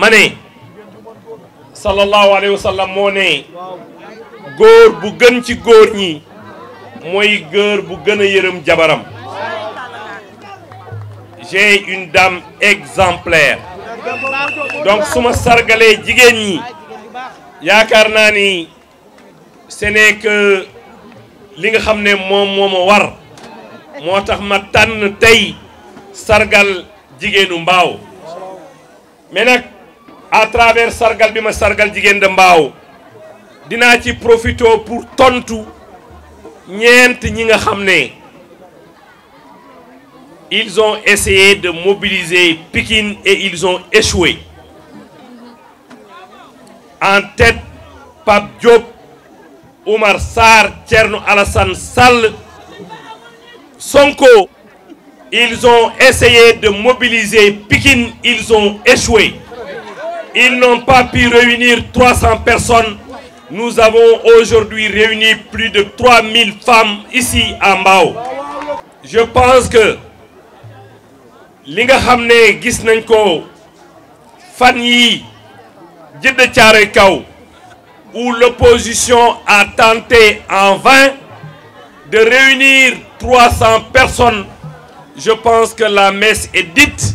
mané ne sallallahu alayhi wa sallam goor bu gën ci goor ñi bu jabaram j'ai une dame exemplaire donc suma ma sargalee ñi yaakar nani? ce n'est que li nga xamné mom momo war motax ma tey sargal jigéenu mbaaw mais à travers sargal Bima sargal jigéen de mbaaw ci profité pour tontu ñent ñi nga ils ont essayé de mobiliser Pikine et ils ont échoué en tête Pape Omar Sar, Sarr Alassane Sall Sonko ils ont essayé de mobiliser Pikine ils ont échoué ils n'ont pas pu réunir 300 personnes. Nous avons aujourd'hui réuni plus de 3000 femmes ici à Mbao. Je pense que li nga Fanny, où l'opposition a tenté en vain de réunir 300 personnes, je pense que la messe est dite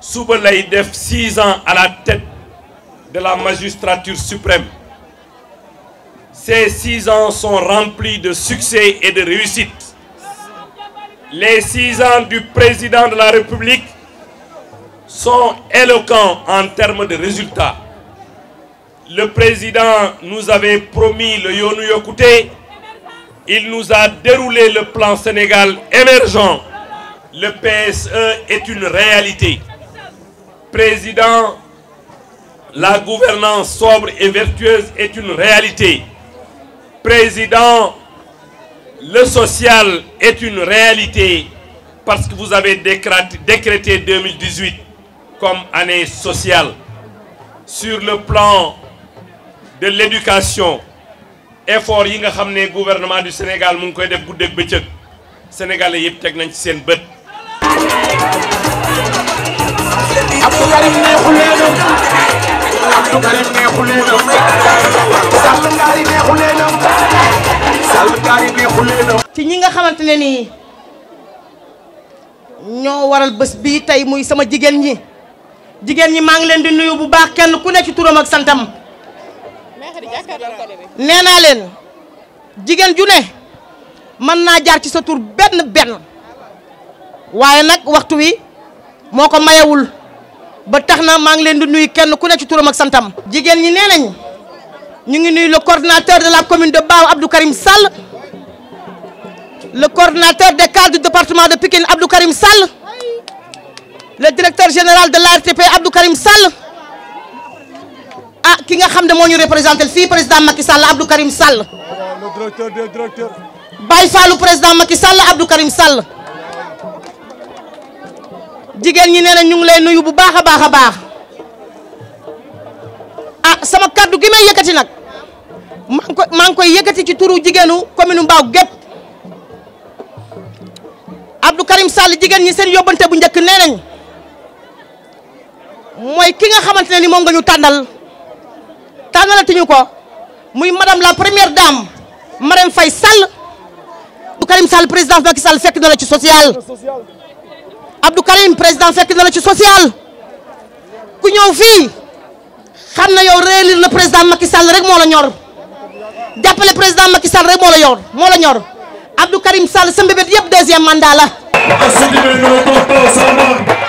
suba def six ans à la tête de la magistrature suprême ces six ans sont remplis de succès et de réussite les six ans du président de la République sont éloquents en termes de résultats le président nous avait promis le Yonou Yokouté. il nous a déroulé le plan Sénégal émergent le PSE est une réalité Président, la gouvernance sobre et vertueuse est une réalité. Président, le social est une réalité parce que vous avez décrété 2018 comme année sociale. Sur le plan de l'éducation, effort yi nga gouvernement du Sénégal mon koy def sénégalais yépp ci ñi nga xamante ne nii ñoo waral bés bii tey muy sama jigéen ñi jigéen ñi maa ngi leen di nuyu bu baax kenn ku nekk ci turam ak santam nee naa leen jigéen ju ne mën naa jaar ci sa tur benn benn waaye nag waxtu wi moo ko mayewul ba tax na maa ngi leen di nuyu kenn ku ne ci turam ak santam jigéen ñi nee nañ ñu ngi nuyu le cordinateur de la commune de Mbao Abdou Karim Sall le coordinateur des cadres du département de Pékin, Abdou Karim Sall, le directeur général de l'ARTP, Abdou Karim Sall, ah, qui nga que vous représente le fils président Macky Sall Abdou Karim Sall. le directeur des directeur. président Macky Sall Abdou Karim Sall. jigéen nous nous ñu ngi lay nuyu ah sama kaddu gi may yëkkati ci turu Abdou Karim Sall jigen ñi seen yobante bu ñeuk nee moy ki nga xamantene ni mom nga ñu tanal tànnalatiñu ko muy madame la première dame Marème fay Sall Abdou Karim Sall président Macky Sall fekk na la ci social Abdou Karim président fekk na la ci social ku ñew fi xam na yow reelir le président Macky Sall rek mo la ñor jàppale président Macky Sall rek mo la yor mo la ñor Abdou Karim Sall sa mbébét yëpp deuxième mandat la أقصد من الموضوع صامر